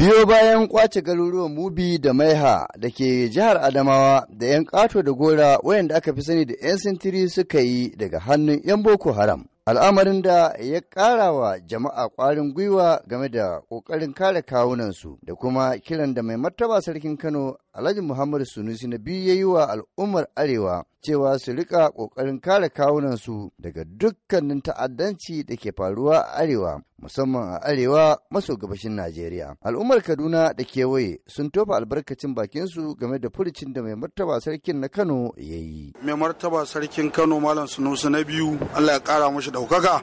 biyo bayan kwace garuruwan mubi da maiha da ke jihar adamawa da 'yan kato da gora wayanda aka fi sani da 'yan sintiri suka yi daga hannun 'yan boko haram al'amarin da ya ƙara wa jama'a kwarin gwiwa game da ƙoƙarin kare kawunansu da kuma kiran da mai martaba sarkin kano alhaji muhammadu sunusi na biyu ya yi wa al'ummar arewa cewa su rika ƙoƙarin kare kawunansu daga dukkanin ta'addanci da ke faruwa a arewa musamman a arewa maso gabashin Najeriya. Al'ummar Kaduna da kewaye sun tofa albarkacin bakinsu game da furucin da mai martaba sarkin na Kano ya yi. Mai martaba sarkin Kano Malam Sunusu na biyu Allah ya kara mashi ɗaukaka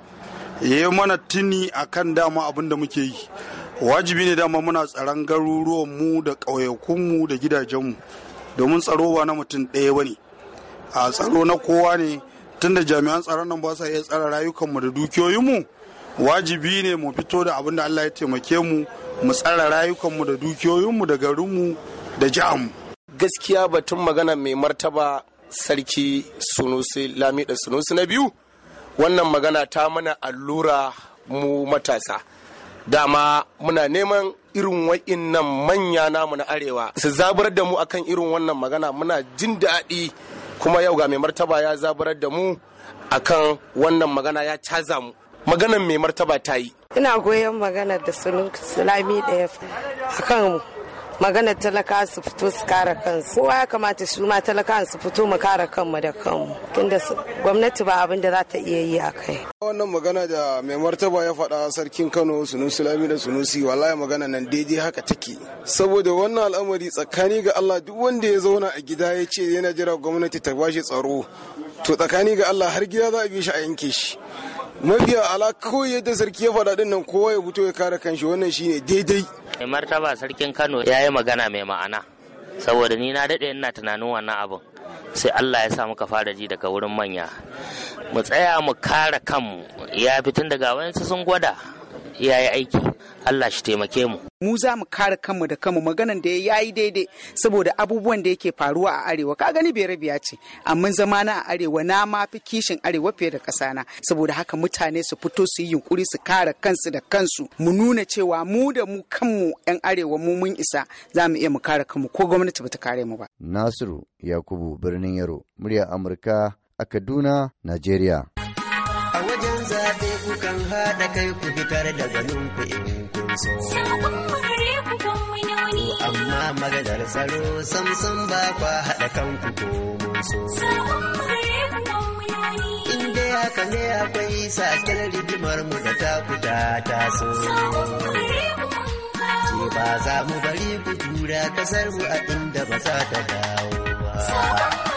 ya yi mana tuni akan dama abin da muke yi. Wajibi ne dama muna tsaron garuruwanmu da ƙauyakunmu da gidajenmu domin tsaro ba na mutum ɗaya ba ne. a tsaro na kowa ne tunda jami'an tsaron nan ba sa iya tsara rayukanmu da dukiyoyinmu wajibi ne mu fito da abin da Allah ya taimake mu mu tsara rayukanmu da dukiyoyinmu da garinmu da jihanmu gaskiya batun magana mai martaba sarki sunusi lamida sunusi na biyu wannan magana ta mana allura mu matasa dama muna neman irin wa'innan manya namu na arewa su zabar da mu akan irin wannan magana muna jin daɗi kuma yau ga mai martaba ya zaburar da mu akan wannan magana ya caza mu maganan mai martaba ta yi ina goyon magana da sunu sulami ɗaya akan magana talaka su fito su kare kansu kowa ya kamata su ma talaka su fito mu kare kanmu da kanmu tunda gwamnati ba abin da za ta iya yi a kai wannan magana da mai martaba ya faɗa sarkin Kano Sunusi sulami da wala wallahi magana nan daidai haka take saboda wannan al'amari tsakani ga Allah duk wanda ya zauna a gida ya ce yana jira gwamnati ta bashi tsaro to tsakani ga Allah har gida za a bi shi a yanke shi mafiya ala kawai yadda sarki ya faɗa ɗin nan kowa ya fito ya kare kanshi wannan shine daidai Mai martaba sarkin kano ya yi magana mai ma'ana saboda ni na daɗe ina tunanin wannan abin sai allah ya sa muka fara ji daga wurin manya mu tsaya mu kare kanmu ya fitin daga wani sun gwada ya yi aiki Allah shi taimake mu. Mu za mu kare kanmu da kanmu maganan da ya yi daidai saboda abubuwan da yake faruwa a arewa ka gani biyar ce amma zama na a arewa na ma fi kishin arewa fiye da kasana saboda haka mutane su fito su yi yunkuri su kare kansu da kansu mu nuna cewa mu da mu kanmu yan arewa mu mun isa za mu iya mu kare kanmu ko gwamnati bata kare mu ba. Nasiru Yakubu birnin Yaro murya Amurka a Kaduna, Najeriya. kukan haɗa kai ku fitar da ganin ku in kun so. Amma maganar tsaro samsam ba kwa haɗa kanku ko mun so. In dai haka ne akwai sakin rigimar mu da ta ku ta taso. Ce ba za mu bari ku jura kasar mu a inda ba za ta dawo ba.